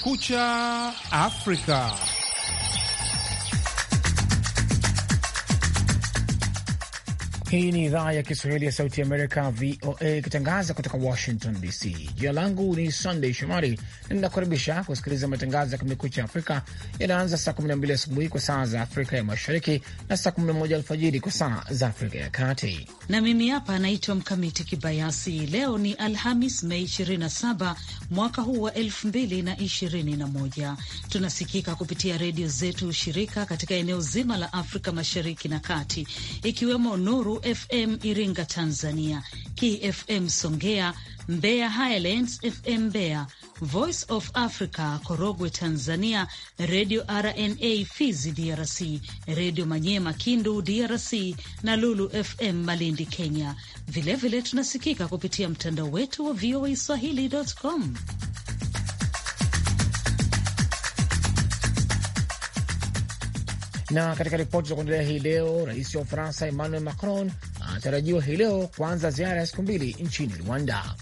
Kumekucha Afrika. Hii ni idhaa ya Kiswahili ya Sauti Amerika, VOA, ikitangaza kutoka Washington DC. Jina langu ni Sandey Shomari na ninakukaribisha kusikiliza matangazo ya Kumekucha Afrika yanaanza saa 12 asubuhi kwa saa za Afrika ya Mashariki na saa 11 alfajiri kwa saa za Afrika ya Kati. Na mimi hapa anaitwa Mkamiti Kibayasi. Leo ni Alhamis, Mei 27 mwaka huu wa 2021. Tunasikika kupitia redio zetu shirika katika eneo zima la Afrika Mashariki na Kati, ikiwemo Nuru fm Iringa Tanzania, KFM Songea, Mbeya Highlands FM Mbeya, Voice of Africa Korogwe Tanzania, Radio RNA Fizi DRC, Radio Manyema Kindu DRC na Lulu FM Malindi Kenya. Vilevile vile tunasikika kupitia mtandao wetu wa VOA Swahili.com. Na katika ripoti za kuendelea hii leo, rais wa Ufaransa Emmanuel Macron anatarajiwa hii leo kuanza ziara ya siku mbili nchini Rwanda.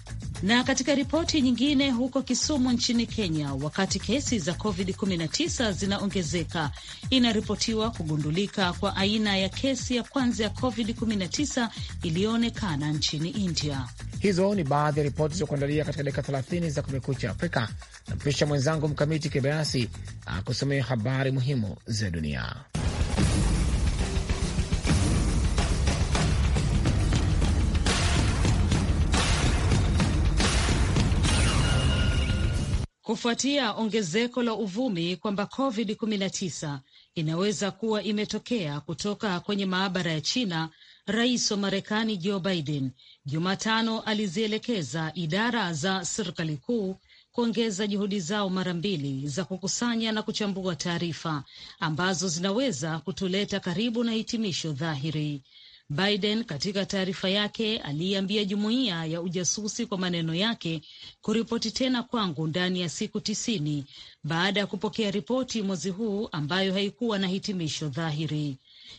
Na katika ripoti nyingine, huko Kisumu nchini Kenya, wakati kesi za COVID-19 zinaongezeka, inaripotiwa kugundulika kwa aina ya kesi ya kwanza ya COVID-19 iliyoonekana nchini India. Hizo ni baadhi ya ripoti za kuandalia katika dakika 30 za Kumekucha Afrika. Nampisha mwenzangu Mkamiti Kibayasi akusomea habari muhimu za dunia. kufuatia ongezeko la uvumi kwamba COVID-19 inaweza kuwa imetokea kutoka kwenye maabara ya China. Rais wa Marekani Joe Biden Jumatano alizielekeza idara za serikali kuu kuongeza juhudi zao mara mbili za kukusanya na kuchambua taarifa ambazo zinaweza kutuleta karibu na hitimisho dhahiri. Biden katika taarifa yake aliiambia jumuiya ya ujasusi kwa maneno yake, kuripoti tena kwangu ndani ya siku tisini baada ya kupokea ripoti mwezi huu ambayo haikuwa na hitimisho dhahiri.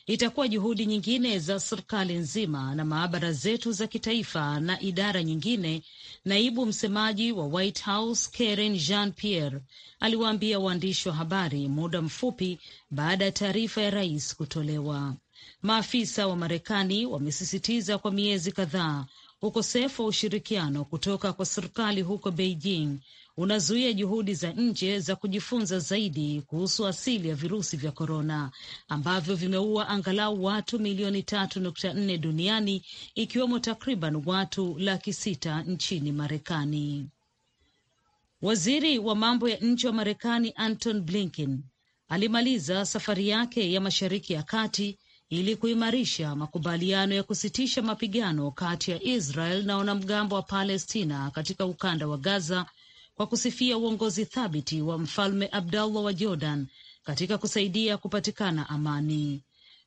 Itakuwa juhudi nyingine za serikali nzima na maabara zetu za kitaifa na idara nyingine, naibu msemaji wa White House Karen Jean Pierre aliwaambia waandishi wa habari muda mfupi baada ya taarifa ya rais kutolewa. Maafisa wa Marekani wamesisitiza kwa miezi kadhaa ukosefu wa ushirikiano kutoka kwa serikali huko Beijing unazuia juhudi za nje za kujifunza zaidi kuhusu asili ya virusi vya korona ambavyo vimeua angalau watu milioni tatu nukta nne duniani ikiwemo takriban watu laki sita nchini Marekani. Waziri wa mambo ya nje wa Marekani Anton Blinken alimaliza safari yake ya Mashariki ya Kati ili kuimarisha makubaliano ya kusitisha mapigano kati ya Israel na wanamgambo wa Palestina katika ukanda wa Gaza, kwa kusifia uongozi thabiti wa Mfalme Abdallah wa Jordan katika kusaidia kupatikana amani.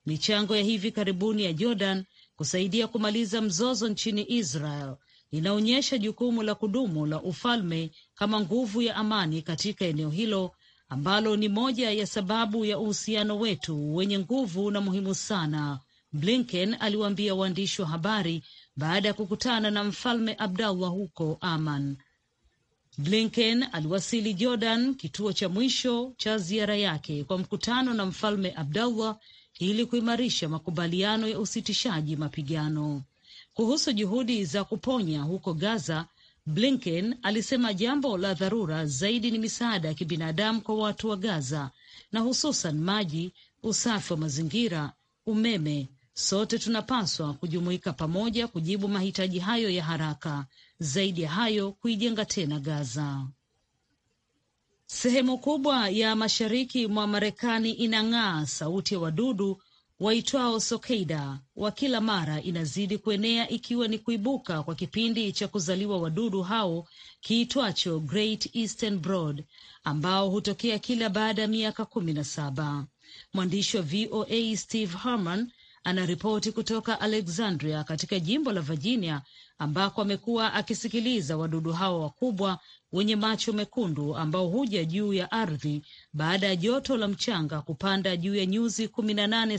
Michango ya hivi karibuni ya Jordan kusaidia kumaliza mzozo nchini Israel inaonyesha jukumu la kudumu la ufalme kama nguvu ya amani katika eneo hilo ambalo ni moja ya sababu ya uhusiano wetu wenye nguvu na muhimu sana, Blinken aliwaambia waandishi wa habari baada ya kukutana na mfalme Abdallah huko Aman. Blinken aliwasili Jordan, kituo cha mwisho cha ziara yake, kwa mkutano na mfalme Abdallah ili kuimarisha makubaliano ya usitishaji mapigano. Kuhusu juhudi za kuponya huko Gaza, Blinken alisema jambo la dharura zaidi ni misaada ya kibinadamu kwa watu wa Gaza na hususan maji, usafi wa mazingira, umeme. Sote tunapaswa kujumuika pamoja kujibu mahitaji hayo ya haraka. Zaidi ya hayo, kuijenga tena Gaza. Sehemu kubwa ya mashariki mwa Marekani inang'aa sauti ya wadudu waitwao Sokeida wa kila mara inazidi kuenea ikiwa ni kuibuka kwa kipindi cha kuzaliwa wadudu hao kiitwacho Great Eastern Broad ambao hutokea kila baada ya miaka kumi na saba. Mwandishi wa VOA Steve Harman anaripoti kutoka Alexandria katika jimbo la Virginia, ambako amekuwa akisikiliza wadudu hao wakubwa wenye macho mekundu ambao huja juu ya ardhi baada ya joto la mchanga kupanda juu ya nyuzi kumi na nane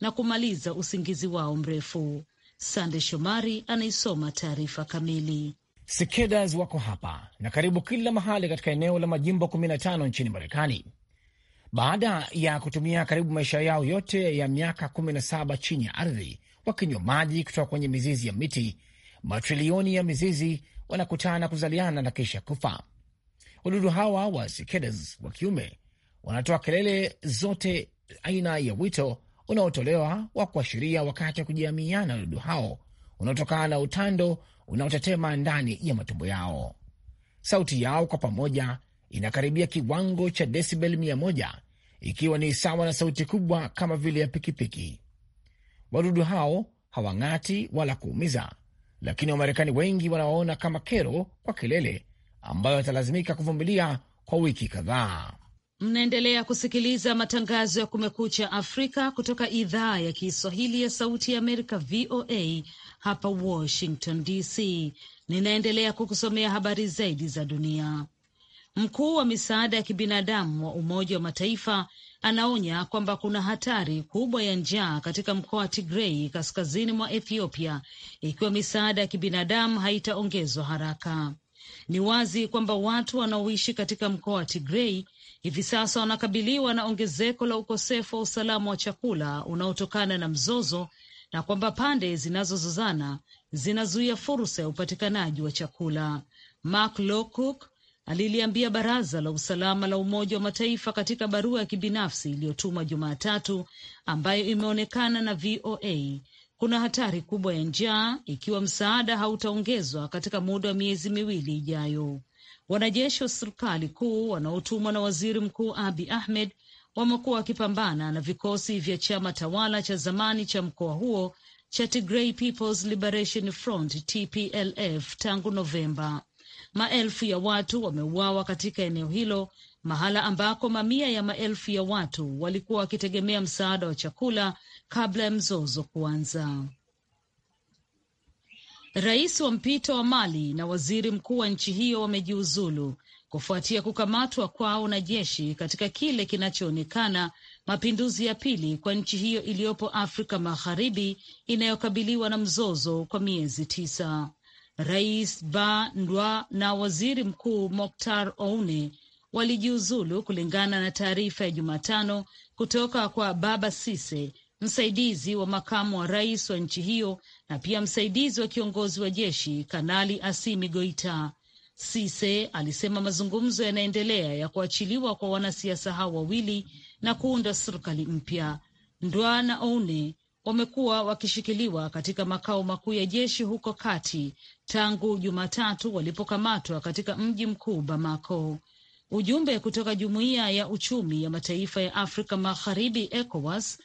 na kumaliza usingizi wao mrefu. Sande Shomari anaisoma taarifa kamili. sikedas wako hapa na karibu kila mahali katika eneo la majimbo 15 nchini Marekani baada ya kutumia karibu maisha yao yote ya miaka kumi na saba chini ya ardhi wakinywa maji kutoka kwenye mizizi ya miti. Matrilioni ya mizizi wanakutana kuzaliana na kisha kufa. Wadudu hawa wa sikedes wa kiume wanatoa kelele zote aina ya wito unaotolewa wa kuashiria wakati wa kujiamiana. Wadudu hao unaotokana na utando unaotetema ndani ya matumbo yao. Sauti yao kwa pamoja inakaribia kiwango cha desibel 1 ikiwa ni sawa na sauti kubwa kama vile ya pikipiki. Wadudu hao hawang'ati wala kuumiza, lakini Wamarekani wengi wanawaona kama kero kwa kelele ambayo watalazimika kuvumilia kwa wiki kadhaa. Mnaendelea kusikiliza matangazo ya Kumekucha Afrika kutoka idhaa ya Kiswahili ya Sauti ya Amerika, VOA hapa Washington DC. Ninaendelea kukusomea habari zaidi za dunia. Mkuu wa misaada ya kibinadamu wa Umoja wa Mataifa anaonya kwamba kuna hatari kubwa ya njaa katika mkoa wa Tigrei kaskazini mwa Ethiopia ikiwa misaada ya kibinadamu haitaongezwa haraka. Ni wazi kwamba watu wanaoishi katika mkoa wa Tigrei hivi sasa wanakabiliwa na ongezeko la ukosefu wa usalama wa chakula unaotokana na mzozo na kwamba pande zinazozozana zinazuia fursa ya upatikanaji wa chakula. Mark Lowcock aliliambia Baraza la Usalama la Umoja wa Mataifa katika barua ya kibinafsi iliyotumwa Jumatatu, ambayo imeonekana na VOA. Kuna hatari kubwa ya njaa ikiwa msaada hautaongezwa katika muda wa miezi miwili ijayo. Wanajeshi wa serikali kuu wanaotumwa na waziri mkuu Abi Ahmed wamekuwa wakipambana na vikosi vya chama tawala cha zamani cha mkoa huo cha Tigray People's Liberation Front TPLF tangu Novemba. Maelfu ya watu wameuawa katika eneo hilo, mahala ambako mamia ya maelfu ya watu walikuwa wakitegemea msaada wa chakula kabla ya mzozo kuanza. Rais wa mpito wa Mali na waziri mkuu wa nchi hiyo wamejiuzulu kufuatia kukamatwa kwao na jeshi katika kile kinachoonekana mapinduzi ya pili kwa nchi hiyo iliyopo Afrika Magharibi inayokabiliwa na mzozo kwa miezi tisa. Rais Ba Ndwa na waziri mkuu Moktar Oune walijiuzulu kulingana na taarifa ya Jumatano kutoka kwa Baba Sise, msaidizi wa makamu wa rais wa nchi hiyo na pia msaidizi wa kiongozi wa jeshi Kanali Asimi Goita. Sise alisema mazungumzo yanaendelea ya kuachiliwa kwa wanasiasa hao wawili na kuunda serikali mpya. Ndwa na Oune wamekuwa wakishikiliwa katika makao makuu ya jeshi huko kati tangu Jumatatu walipokamatwa katika mji mkuu Bamako. Ujumbe kutoka Jumuiya ya Uchumi ya Mataifa ya Afrika Magharibi, ECOWAS,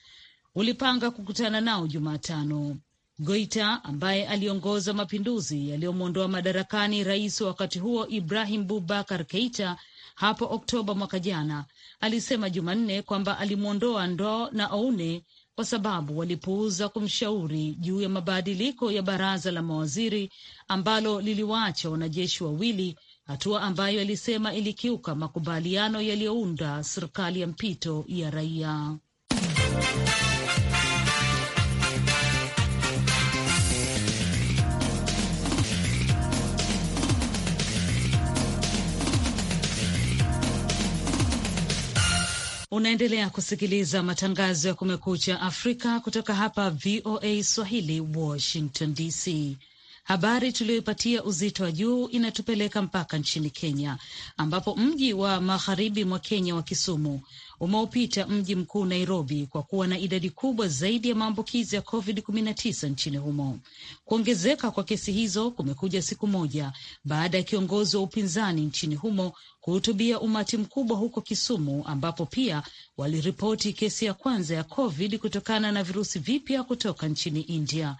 ulipanga kukutana nao Jumatano. Goita ambaye aliongoza mapinduzi yaliyomwondoa madarakani rais wa wakati huo Ibrahim Bubakar Keita hapo Oktoba mwaka jana alisema Jumanne kwamba alimwondoa Ndoo na Oune kwa sababu walipuuza kumshauri juu ya mabadiliko ya baraza la mawaziri ambalo liliwaacha wanajeshi wawili, hatua ambayo alisema ilikiuka makubaliano yaliyounda serikali ya mpito ya raia. Unaendelea kusikiliza matangazo ya Kumekucha Afrika kutoka hapa VOA Swahili, Washington DC. Habari tuliyoipatia uzito wa juu inatupeleka mpaka nchini Kenya, ambapo mji wa magharibi mwa Kenya wa Kisumu umeupita mji mkuu Nairobi kwa kuwa na idadi kubwa zaidi ya maambukizi ya COVID-19 nchini humo. Kuongezeka kwa kesi hizo kumekuja siku moja baada ya kiongozi wa upinzani nchini humo kuhutubia umati mkubwa huko Kisumu, ambapo pia waliripoti kesi ya kwanza ya COVID kutokana na virusi vipya kutoka nchini India.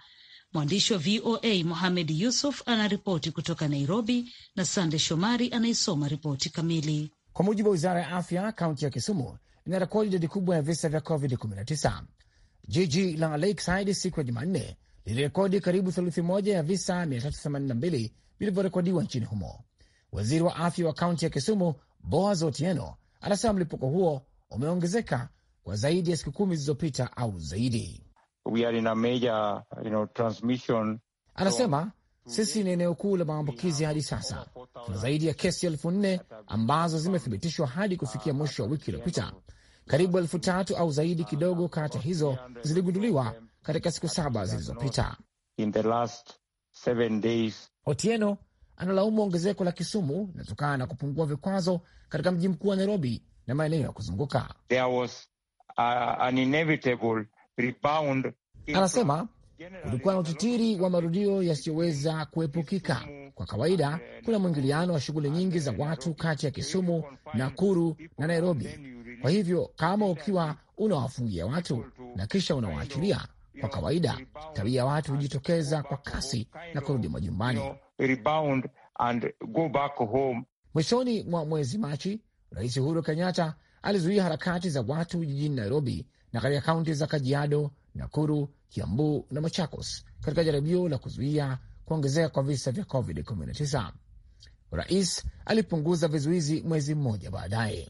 Mwandishi wa VOA Mohamed Yusuf anaripoti kutoka Nairobi na Sande Shomari anaisoma ripoti kamili. Kwa mujibu wa wizara ya afya kaunti ya Kisumu inarekodi idadi kubwa ya visa vya COVID-19. Jiji la Lakeside siku ya Jumanne lilirekodi karibu theluthi moja ya visa 382 vilivyorekodiwa nchini humo. Waziri wa afya wa kaunti ya Kisumu, Boaz Otieno, anasema mlipuko huo umeongezeka kwa zaidi ya siku kumi zilizopita au zaidi. We are in a major, you know, transmission. Anasema sisi ni eneo kuu la maambukizi hadi sasa. Tuna zaidi ya kesi elfu nne ambazo zimethibitishwa hadi kufikia mwisho wa wiki iliyopita, karibu elfu tatu au zaidi kidogo kati hizo ziligunduliwa katika siku saba zilizopita. Otieno analaumu ongezeko la Kisumu linatokana na kupungua vikwazo katika mji mkuu wa Nairobi na maeneo ya kuzunguka. Uh, Anasema kulikuwa na utitiri wa marudio yasiyoweza kuepukika. Kwa kawaida kuna mwingiliano wa shughuli nyingi za watu kati ya Kisumu, Nakuru na Nairobi kwa hivyo kama ukiwa unawafungia watu na kisha unawaachilia, kwa kawaida tabia ya watu hujitokeza kwa kasi na kurudi majumbani. Mwishoni mwa mwezi Machi, Rais Uhuru Kenyatta alizuia harakati za watu jijini Nairobi na katika kaunti za Kajiado, Nakuru, Kiambu na Machakos katika jaribio la kuzuia kuongezeka kwa visa vya COVID-19. Rais alipunguza vizuizi mwezi mmoja baadaye.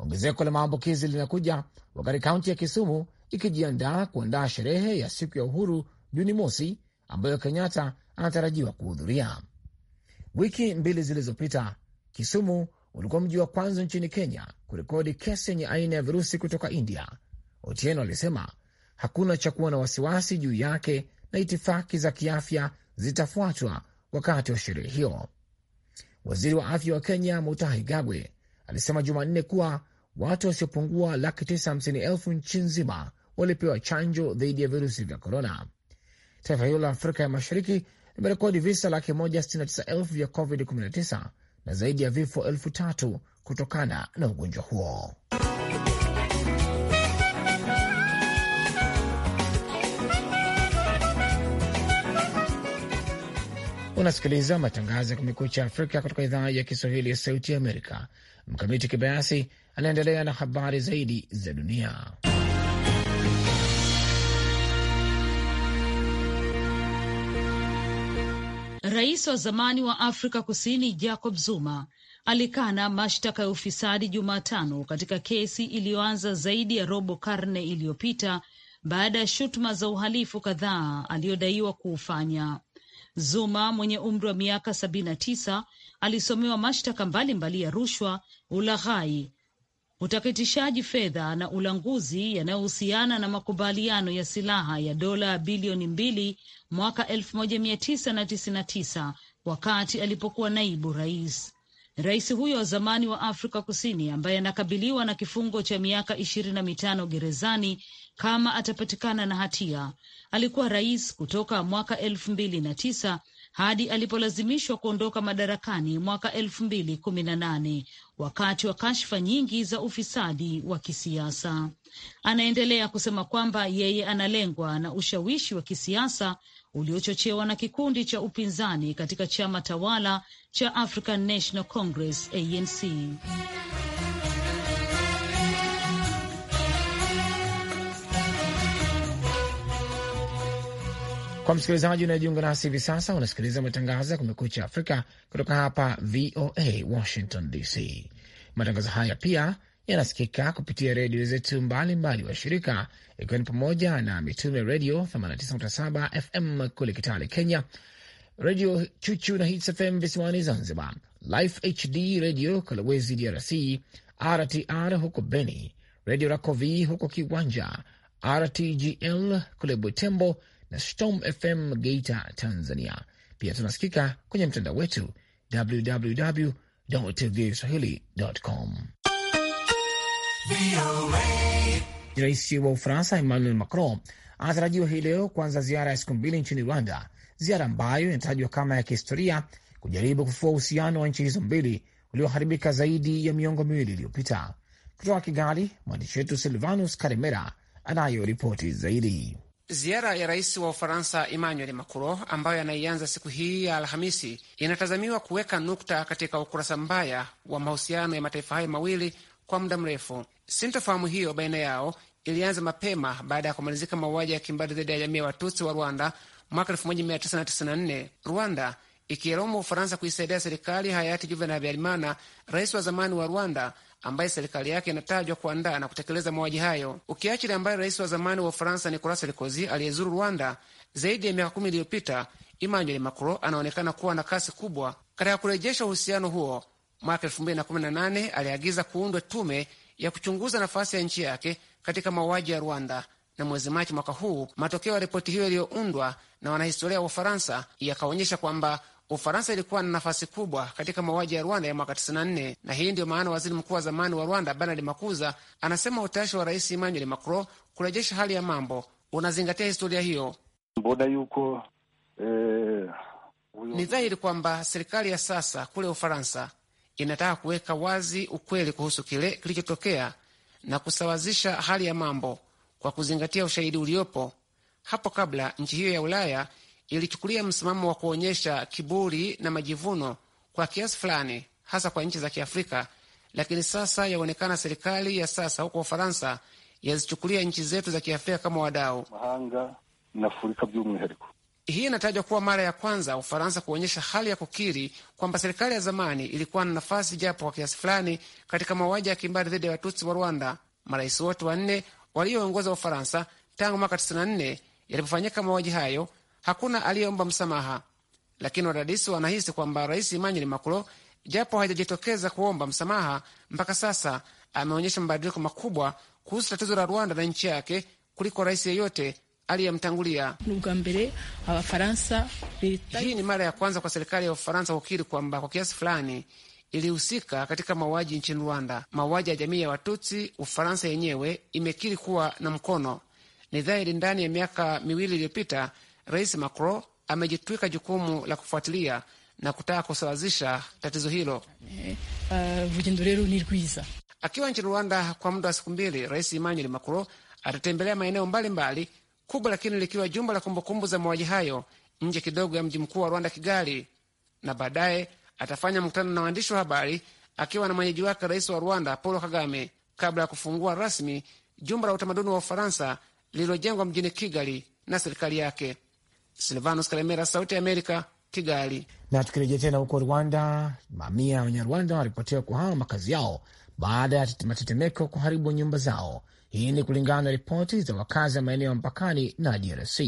Ongezeko la maambukizi linakuja wakati kaunti ya Kisumu ikijiandaa kuandaa sherehe ya siku ya uhuru Juni mosi ambayo Kenyatta anatarajiwa kuhudhuria. Wiki mbili zilizopita, Kisumu ulikuwa mji wa kwanza nchini Kenya kurekodi kesi yenye aina ya virusi kutoka India. Otieno alisema hakuna cha kuwa na wasiwasi juu yake na itifaki za kiafya zitafuatwa wakati wa sherehe hiyo. Waziri wa afya wa Kenya Mutahi Gagwe alisema Jumanne kuwa watu wasiopungua laki tisa hamsini elfu nchi nzima walipewa chanjo dhidi ya virusi vya korona. Taifa hilo la Afrika ya Mashariki limerekodi visa laki moja sitini na tisa elfu vya COVID-19 na zaidi ya vifo elfu tatu kutokana na ugonjwa huo. Unasikiliza matangazo ya Kumekucha Afrika kutoka idhaa ya Kiswahili ya Sauti ya Amerika. Mkamiti Kibayasi anaendelea na habari zaidi za dunia. Rais wa zamani wa Afrika Kusini Jacob Zuma alikana mashtaka ya ufisadi Jumatano katika kesi iliyoanza zaidi ya robo karne iliyopita baada ya shutuma za uhalifu kadhaa aliyodaiwa kuufanya. Zuma mwenye umri wa miaka sabini na tisa alisomewa mashtaka mbalimbali ya rushwa, ulaghai, utakitishaji fedha na ulanguzi yanayohusiana na makubaliano ya silaha ya dola bilioni mbili mwaka 1999 wakati alipokuwa naibu rais. Rais huyo wa zamani wa Afrika Kusini ambaye anakabiliwa na kifungo cha miaka ishirini na mitano gerezani kama atapatikana na hatia, alikuwa rais kutoka mwaka elfu mbili na tisa hadi alipolazimishwa kuondoka madarakani mwaka elfu mbili kumi na nane wakati wa kashfa nyingi za ufisadi wa kisiasa. Anaendelea kusema kwamba yeye analengwa na ushawishi wa kisiasa uliochochewa na kikundi cha upinzani katika chama tawala cha African National Congress ANC. Kwa msikilizaji unayejiunga nasi hivi sasa, unasikiliza matangazo ya Kumekucha Afrika kutoka hapa VOA Washington DC. Matangazo haya pia yanasikika kupitia redio zetu mbalimbali wa shirika, ikiwa ni pamoja na Mitume Redio 89.7 FM kule Kitale, Kenya, Redio Chuchu na Hits FM visiwani Zanzibar, Life HD Redio Kalawezi DRC, RTR huko Beni, Redio Racovi huko Kiwanja, RTGL kule Butembo na Storm FM Geita, Tanzania. Pia tunasikika kwenye mtandao wetu www com. Rais wa Ufaransa Emmanuel Macron anatarajiwa hii leo kuanza ziara ya siku mbili nchini Rwanda, ziara ambayo inatajwa kama ya kihistoria kujaribu kufua uhusiano wa nchi hizo mbili ulioharibika zaidi ya miongo miwili iliyopita. Kutoka Kigali, mwandishi wetu Silvanus Karimera anayo ripoti zaidi. Ziara ya rais wa Ufaransa Emmanuel Macron ambayo anaianza siku hii ya Alhamisi inatazamiwa kuweka nukta katika ukurasa mbaya wa mahusiano ya mataifa hayo mawili kwa muda mrefu. Sintofahamu hiyo baina yao ilianza mapema baada ya kumalizika mauaji ya kimbari dhidi ya jamii ya Watutsi wa Rwanda mwaka 1994 Rwanda ikielaumu Ufaransa kuisaidia serikali hayati Juvenal Habyarimana, rais wa zamani wa Rwanda, ambaye serikali yake inatajwa kuandaa na kutekeleza mauaji hayo, ukiachilia ambaye rais wa zamani wa Ufaransa Nicolas Sarkozy aliyezuru Rwanda zaidi ya miaka kumi iliyopita, Emmanuel Macron anaonekana kuwa na kasi kubwa katika kurejesha uhusiano huo. Mwaka nane aliagiza kuundwe tume ya kuchunguza nafasi ya nchi yake katika mauaji ya Rwanda, na mwezi Machi mwaka huu matokeo ya ripoti hiyo yaliyoundwa na wanahistoria wa Ufaransa yakaonyesha kwamba Ufaransa ilikuwa na nafasi kubwa katika mauaji ya Rwanda ya mwaka 94 na hii ndiyo maana waziri mkuu wa zamani wa Rwanda Bernard Makuza anasema utashi wa Rais Emmanuel Macron kurejesha hali ya mambo unazingatia historia hiyo. Mbona yuko eh, ni dhahiri kwamba serikali ya sasa kule Ufaransa inataka kuweka wazi ukweli kuhusu kile kilichotokea na kusawazisha hali ya mambo kwa kuzingatia ushahidi uliopo. Hapo kabla nchi hiyo ya Ulaya ilichukulia msimamo wa kuonyesha kiburi na majivuno kwa kiasi fulani, hasa kwa nchi za Kiafrika, lakini sasa yaonekana serikali ya sasa huko Ufaransa yazichukulia nchi zetu za Kiafrika kama wadau. Hii inatajwa kuwa mara ya kwanza Ufaransa kuonyesha hali ya kukiri kwamba serikali ya zamani ilikuwa na nafasi japo kwa kiasi fulani katika mauaji ya kimbari dhidi ya Watutsi wa Rwanda. Marais wote wanne walioongoza Ufaransa tangu mwaka 94 yalipofanyika mauaji hayo hakuna aliyeomba msamaha, lakini wadadisi wanahisi kwamba Rais Emmanuel Macron japo hajajitokeza kuomba msamaha mpaka sasa, ameonyesha mabadiliko makubwa kuhusu tatizo la Rwanda na nchi yake kuliko rais yeyote aliyemtangulia. Hii ni mara ya kwanza kwa serikali ya Ufaransa kukiri kwamba kwa kiasi fulani ilihusika katika mauaji nchini Rwanda, mauaji ya jamii ya Watutsi. Ufaransa yenyewe imekiri kuwa na mkono. Ni dhahiri ndani ya miaka miwili iliyopita Rais Macron amejitwika jukumu la kufuatilia na kutaka kusawazisha tatizo hilo. Uh, akiwa nchini Rwanda kwa muda wa siku mbili, Rais Emmanuel Macron atatembelea maeneo mbalimbali, kubwa lakini likiwa jumba la kumbukumbu za mauaji hayo nje kidogo ya mji mkuu wa Rwanda, Kigali, na baadaye atafanya mkutano na waandishi wa habari akiwa na mwenyeji wake rais wa Rwanda Paul Kagame, kabla ya kufungua rasmi jumba la utamaduni wa Ufaransa lililojengwa mjini Kigali na serikali yake. Silvanus Kalemera, Sauti ya Amerika, Kigali. Na tukirejea tena huko Rwanda, mamia ya Wanyarwanda wanaripotiwa kuhama makazi yao baada ya matetemeko kuharibu nyumba zao. Hii ni kulingana na ripoti za wakazi wa maeneo ya mpakani na DRC.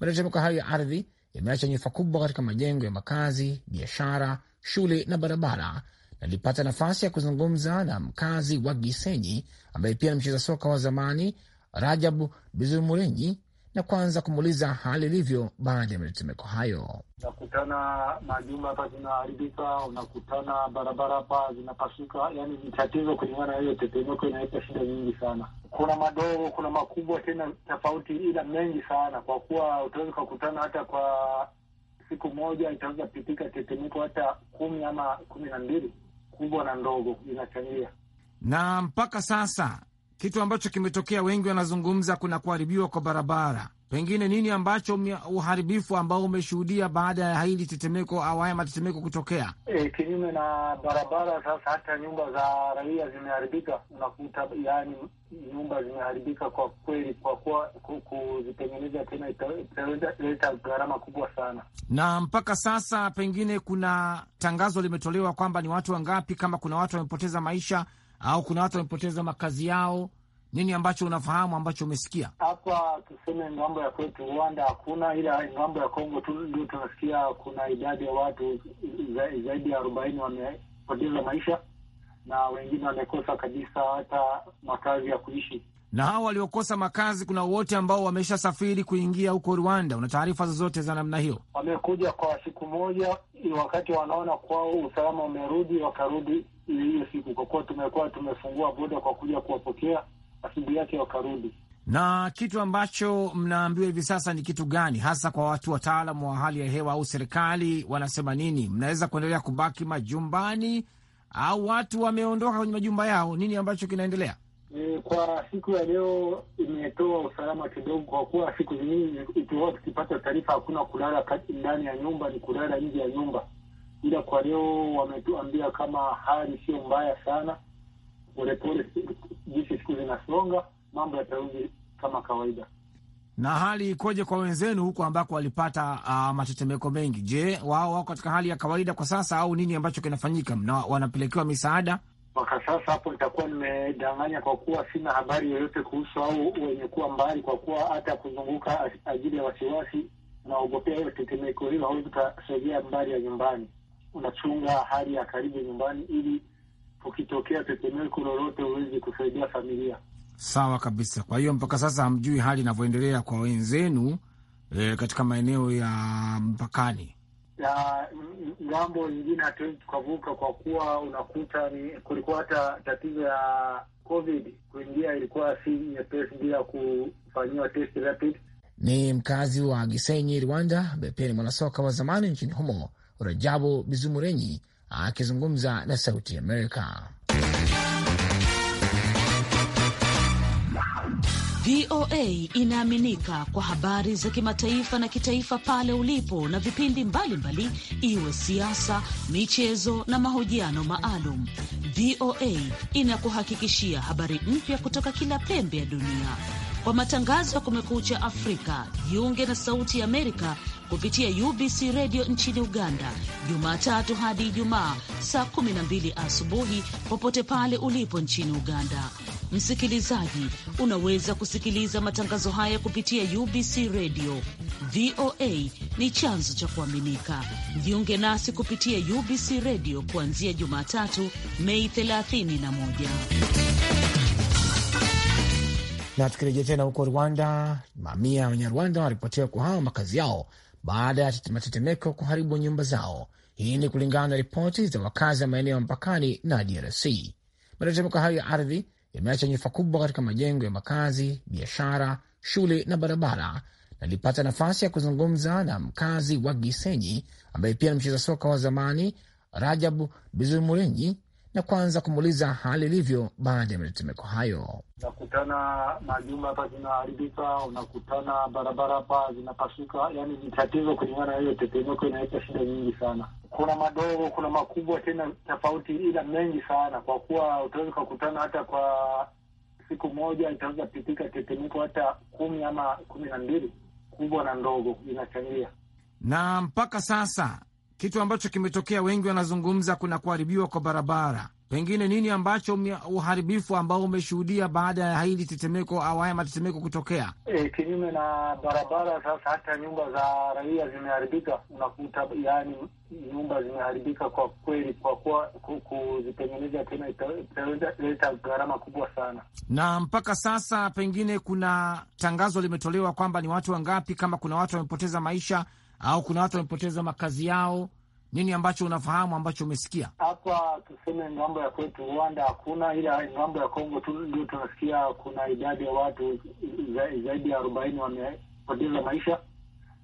Matetemeko hayo ya ardhi yameacha nyufa kubwa katika majengo ya makazi, biashara, shule na barabara. Nalipata nafasi ya kuzungumza na mkazi wa Gisenyi ambaye pia ni mcheza soka wa zamani, Rajabu Bizumurenyi na kwanza kumuuliza hali ilivyo baada ya matetemeko hayo. Unakutana manyumba hapa zinaharibika, unakutana barabara hapa zinapasuka, yani ni tatizo kulingana na hiyo tetemeko, inaleta shida nyingi sana. Kuna madogo, kuna makubwa tena tofauti, ila mengi sana, kwa kuwa utaweza ukakutana hata kwa siku moja itaweza pitika tetemeko hata kumi ama kumi na mbili, kubwa na ndogo inachangia. Na mpaka sasa kitu ambacho kimetokea, wengi wanazungumza kuna kuharibiwa kwa barabara. Pengine nini ambacho uharibifu ambao umeshuhudia baada ya hili tetemeko au haya matetemeko kutokea? E, kinyume na barabara, sasa hata nyumba za raia zimeharibika, unakuta yani nyumba zimeharibika kwa kweli, kwa kuwa kuzitengeneza tena italeta gharama kubwa sana. Na mpaka sasa pengine kuna tangazo limetolewa kwamba ni watu wangapi, kama kuna watu wamepoteza maisha au kuna watu wamepoteza makazi yao? Nini ambacho unafahamu ambacho umesikia hapa? Tuseme ng'ambo ya kwetu Rwanda hakuna, ila ng'ambo ya Kongo tu ndio tunasikia kuna idadi ya watu za, zaidi ya arobaini wamepoteza maisha na wengine wamekosa kabisa hata makazi ya kuishi. Na hawa waliokosa makazi, kuna wote ambao wamesha safiri kuingia huko Rwanda. Una taarifa zozote za namna hiyo? Wamekuja kwa siku moja, wakati wanaona kwao usalama umerudi, wakarudi hiyo siku, kwa kuwa tumekuwa tumefungua boda kwa kuja kuwapokea asubuhi yake wakarudi. Na kitu ambacho mnaambiwa hivi sasa ni kitu gani hasa kwa watu wataalamu wa hali ya hewa au serikali wanasema nini? Mnaweza kuendelea kubaki majumbani au watu wameondoka kwenye majumba yao? Nini ambacho kinaendelea? E, kwa siku ya leo imetoa usalama kidogo, kwa kuwa siku zingine tulikuwa tukipata taarifa hakuna kulala ndani ya nyumba, ni kulala nje ya nyumba ila kwa leo wametuambia kama hali sio mbaya sana, polepole, jinsi siku zinasonga mambo yatarudi kama kawaida. Na hali ikoje kwa wenzenu huko ambako walipata uh, matetemeko mengi? Je, wao wako katika hali ya kawaida kwa sasa au nini ambacho kinafanyika? Mna wanapelekewa misaada mpaka sasa? Hapo nitakuwa nimedanganya kwa kuwa sina habari yoyote kuhusu au wenye kuwa mbali, kwa kuwa hata kuzunguka ajili ya wasiwasi, naogopea hiyo tetemeko hilo, hawezi ukasogea mbali ya nyumbani unachunga hali ya karibu nyumbani, ili ukitokea tetemeko lolote uweze kusaidia familia. Sawa kabisa. Kwa hiyo mpaka sasa hamjui hali inavyoendelea kwa wenzenu e, katika maeneo ya mpakani ya ngambo nyingine hatuwezi tukavuka kwa kuwa unakuta ni kulikuwa hata tatizo ya COVID kuingia ilikuwa si nyepesi bila kufanyiwa test rapid. Ni mkazi wa Gisenyi, Rwanda, ambaye pia ni mwanasoka wa zamani nchini humo Rajabu Bizumurenyi akizungumza na Sauti Amerika. VOA inaaminika kwa habari za kimataifa na kitaifa pale ulipo na vipindi mbalimbali mbali, iwe siasa, michezo na mahojiano maalum. VOA inakuhakikishia habari mpya kutoka kila pembe ya dunia kwa matangazo ya Kumekucha Afrika. Jiunge na Sauti ya Amerika kupitia UBC redio nchini Uganda, Jumatatu hadi Ijumaa saa 12 asubuhi, popote pale ulipo nchini Uganda. Msikilizaji, unaweza kusikiliza matangazo haya kupitia UBC redio. VOA ni chanzo cha kuaminika. Jiunge nasi kupitia UBC redio kuanzia Jumatatu, Mei 31. Na tukirejea tena huko Rwanda, mamia ya Wanyarwanda wanaripotiwa kuhama makazi yao baada ya matetemeko kuharibu nyumba zao. Hii ni kulingana na ripoti za wakazi wa maeneo ya mpakani na DRC. Matetemeko hayo ya ardhi yameacha nyufa kubwa katika majengo ya makazi, biashara, shule na barabara. Nalipata nafasi ya kuzungumza na mkazi wa Gisenyi ambaye pia ni mcheza soka wa zamani, Rajabu Bizumurenyi na kwanza kumuuliza hali ilivyo baada ya matetemeko hayo. Unakutana majumba hapa zinaharibika, unakutana barabara hapa zinapasuka, yani ni tatizo kulingana na hiyo tetemeko, inaleta shida nyingi sana. Kuna madogo, kuna makubwa tena tofauti, ila mengi sana, kwa kuwa utaweza ukakutana hata kwa siku moja itaweza pitika tetemeko hata kumi ama kumi na mbili, kubwa na ndogo inachangia. Na mpaka sasa kitu ambacho kimetokea, wengi wanazungumza kuna kuharibiwa kwa barabara. Pengine nini ambacho uharibifu ambao umeshuhudia baada ya hili tetemeko au haya matetemeko kutokea? E, kinyume na barabara, sasa hata nyumba za raia zimeharibika, unakuta yani nyumba zimeharibika kwa kweli, kwa kuwa kuzitengeneza tena italeta gharama kubwa sana. Na mpaka sasa pengine kuna tangazo limetolewa kwamba ni watu wangapi, kama kuna watu wamepoteza maisha au kuna watu wamepoteza makazi yao? Nini ambacho unafahamu ambacho umesikia hapa? Tuseme ng'ambo ya kwetu Rwanda hakuna, ila ng'ambo ya Kongo tu ndio tunasikia kuna idadi ya watu za, zaidi ya arobaini wamepoteza maisha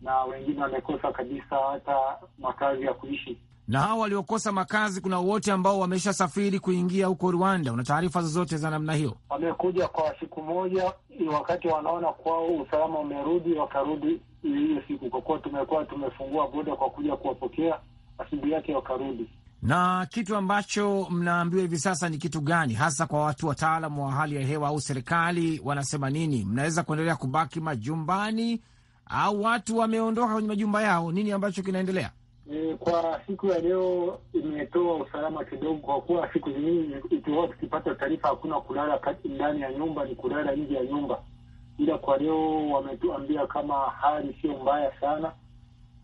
na wengine wamekosa kabisa hata makazi ya kuishi. Na hao waliokosa makazi, kuna wote ambao wameshasafiri kuingia huko Rwanda? Una taarifa zozote za namna hiyo? Wamekuja kwa siku moja, wakati wanaona kwao usalama umerudi, wakarudi hiyo siku, kwa kuwa tumekuwa tumefungua boda kwa kuja kuwapokea, asubuhi yake wakarudi. Na kitu ambacho mnaambiwa hivi sasa ni kitu gani hasa, kwa watu wataalamu wa hali ya hewa au serikali wanasema nini? Mnaweza kuendelea kubaki majumbani au watu wameondoka kwenye majumba yao? Nini ambacho kinaendelea? E, kwa siku ya leo imetoa usalama kidogo, kwa kuwa siku zingine ikiwa tukipata taarifa hakuna kulala ndani ya nyumba, ni kulala nje ya nyumba, ila kwa leo wametuambia kama hali sio mbaya sana.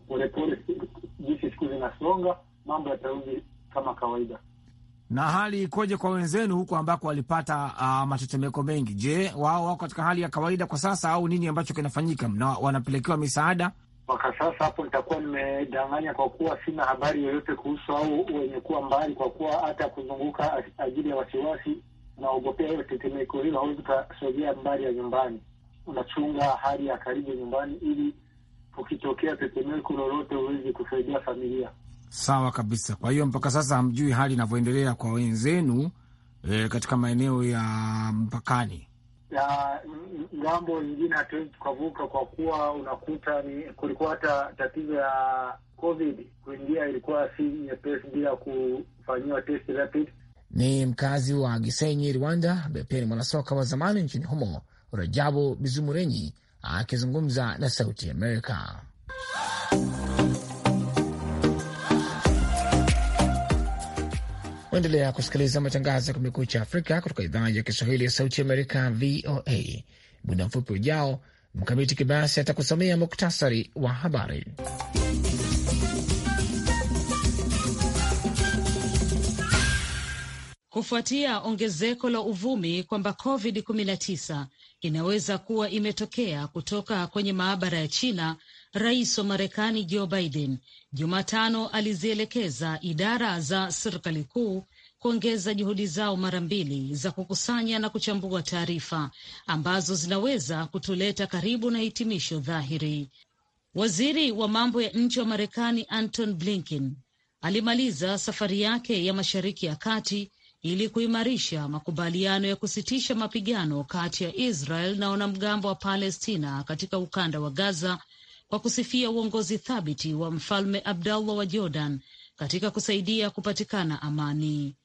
Polepole jinsi siku zinasonga, mambo yatarudi kama kawaida. Na hali ikoje kwa wenzenu huko ambako walipata uh, matetemeko mengi? Je, wao wako katika hali ya kawaida kwa sasa au nini ambacho kinafanyika? wanapelekewa misaada mpaka sasa hapo nitakuwa nimedanganya kwa kuwa sina habari yoyote kuhusu au wenye kuwa mbali, kwa kuwa hata kuzunguka ajili ya wasiwasi, unaogopea hiyo tetemeko hilo, hawezi ukasogea mbali ya nyumbani. Unachunga hali ya karibu nyumbani, ili ukitokea tetemeko lolote uwezi kusaidia familia. Sawa kabisa. Kwa hiyo mpaka sasa hamjui hali inavyoendelea kwa wenzenu e, katika maeneo ya mpakani na ngambo nyingine hatuwezi tukavuka, kwa kuwa unakuta ni kulikuwa hata tatizo ya COVID, kuingia ilikuwa si nyepesi bila kufanyiwa test rapid. Ni mkazi wa Gisenyi, Rwanda, ambaye pia ni mwanasoka wa zamani nchini humo, Rajabu Bizumurenyi akizungumza na Sauti Amerika. Unaendelea kusikiliza matangazo ya Kumekucha Afrika kutoka idhaa ya Kiswahili ya Sauti Amerika, VOA. Muda mfupi ujao, Mkamiti Kibayasi atakusomea muktasari wa habari. Kufuatia ongezeko la uvumi kwamba COVID-19 inaweza kuwa imetokea kutoka kwenye maabara ya China, Rais wa Marekani Joe Biden Jumatano alizielekeza idara za serikali kuu kuongeza juhudi zao mara mbili za kukusanya na kuchambua taarifa ambazo zinaweza kutuleta karibu na hitimisho dhahiri. Waziri wa mambo ya nje wa Marekani Anton Blinken alimaliza safari yake ya Mashariki ya Kati ili kuimarisha makubaliano ya kusitisha mapigano kati ya Israel na wanamgambo wa Palestina katika ukanda wa Gaza kwa kusifia uongozi thabiti wa Mfalme Abdallah wa Jordan katika kusaidia kupatikana amani.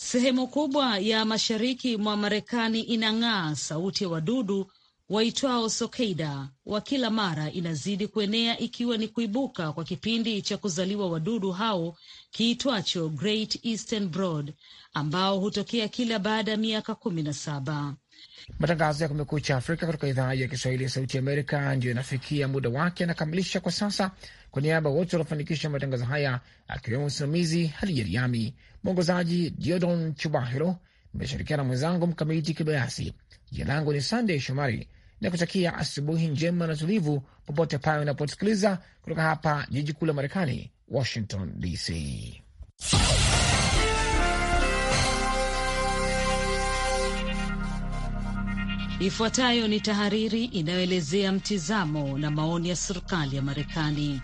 Sehemu kubwa ya mashariki mwa Marekani inang'aa. Sauti ya wadudu waitwao sokeida wa kila mara inazidi kuenea, ikiwa ni kuibuka kwa kipindi cha kuzaliwa wadudu hao kiitwacho Great Eastern Broad, ambao hutokea kila baada ya miaka kumi na saba. Matangazo ya Kumekucha Afrika kutoka idhaa ya Kiswahili ya Sauti Amerika ndiyo inafikia muda wake anakamilisha kwa sasa. Kwa niaba wote waliofanikisha matangazo haya, akiwemo msimamizi hadi Riami, mwongozaji Diodon Chubahiro, nimeshirikiana mwenzangu Mkamiti Kibayasi. Jina langu ni Sandey Shomari na kutakia asubuhi njema na tulivu popote pale unaposikiliza kutoka hapa jiji kuu la Marekani, Washington DC. Ifuatayo ni tahariri inayoelezea mtizamo na maoni ya serikali ya Marekani.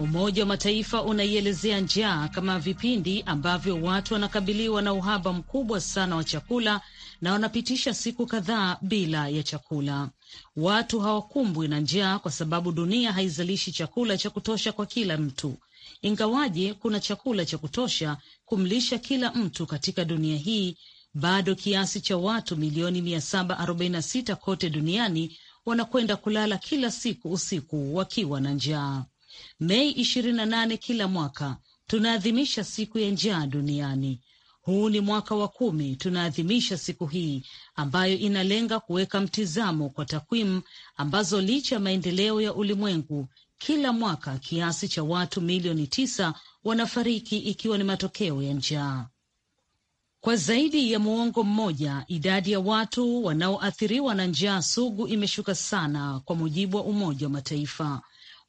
Umoja wa Mataifa unaielezea njaa kama vipindi ambavyo watu wanakabiliwa na uhaba mkubwa sana wa chakula na wanapitisha siku kadhaa bila ya chakula. Watu hawakumbwi na njaa kwa sababu dunia haizalishi chakula cha kutosha kwa kila mtu, ingawaje kuna chakula cha kutosha kumlisha kila mtu katika dunia hii bado kiasi cha watu milioni 746 kote duniani wanakwenda kulala kila siku usiku wakiwa na njaa. Mei 28 kila mwaka tunaadhimisha siku ya njaa duniani. Huu ni mwaka wa kumi tunaadhimisha siku hii ambayo inalenga kuweka mtizamo kwa takwimu ambazo licha ya maendeleo ya ulimwengu, kila mwaka kiasi cha watu milioni tisa wanafariki ikiwa ni matokeo ya njaa. Kwa zaidi ya muongo mmoja, idadi ya watu wanaoathiriwa na njaa sugu imeshuka sana, kwa mujibu wa Umoja wa Mataifa,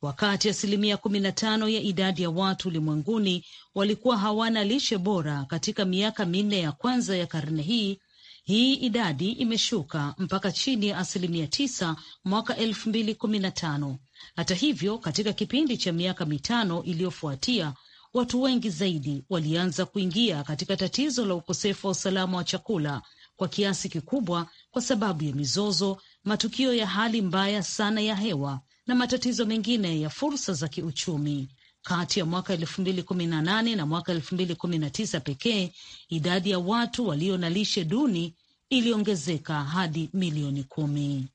wakati asilimia kumi na tano ya idadi ya watu ulimwenguni walikuwa hawana lishe bora katika miaka minne ya kwanza ya karne hii. Hii idadi imeshuka mpaka chini ya asilimia tisa mwaka elfu mbili kumi na tano. Hata hivyo, katika kipindi cha miaka mitano iliyofuatia watu wengi zaidi walianza kuingia katika tatizo la ukosefu wa usalama wa chakula kwa kiasi kikubwa kwa sababu ya mizozo, matukio ya hali mbaya sana ya hewa na matatizo mengine ya fursa za kiuchumi. Kati ya mwaka elfu na mwaka elfu pekee idadi ya watu walio na lishe duni iliongezeka hadi milioni kumi.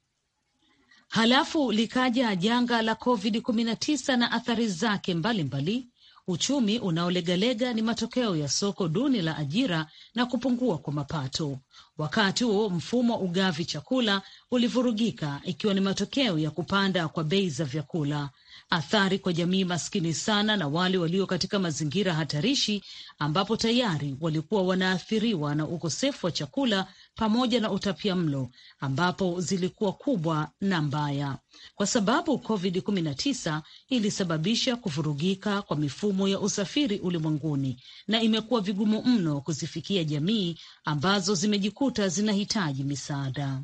Halafu likaja janga la COVID-19 na athari zake mbalimbali mbali, Uchumi unaolegalega ni matokeo ya soko duni la ajira na kupungua kwa mapato. Wakati huo mfumo ugavi chakula ulivurugika, ikiwa ni matokeo ya kupanda kwa bei za vyakula athari kwa jamii maskini sana na wale walio katika mazingira hatarishi, ambapo tayari walikuwa wanaathiriwa na ukosefu wa chakula pamoja na utapia mlo ambapo zilikuwa kubwa na mbaya, kwa sababu COVID-19 ilisababisha kuvurugika kwa mifumo ya usafiri ulimwenguni, na imekuwa vigumu mno kuzifikia jamii ambazo zimejikuta zinahitaji misaada.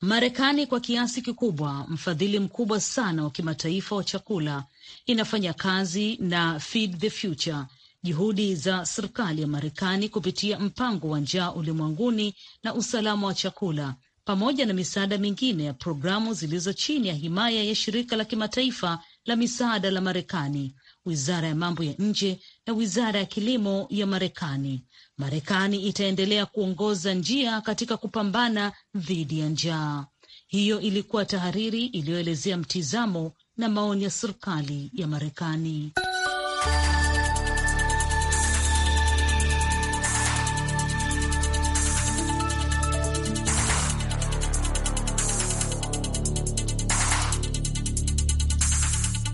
Marekani kwa kiasi kikubwa, mfadhili mkubwa sana wa kimataifa wa chakula, inafanya kazi na Feed the Future, juhudi za serikali ya Marekani kupitia mpango wa njaa ulimwenguni na usalama wa chakula pamoja na misaada mingine ya programu zilizo chini ya himaya ya shirika la kimataifa la misaada la Marekani wizara ya mambo ya nje na wizara ya kilimo ya Marekani. Marekani itaendelea kuongoza njia katika kupambana dhidi ya njaa. Hiyo ilikuwa tahariri iliyoelezea mtizamo na maoni ya serikali ya Marekani.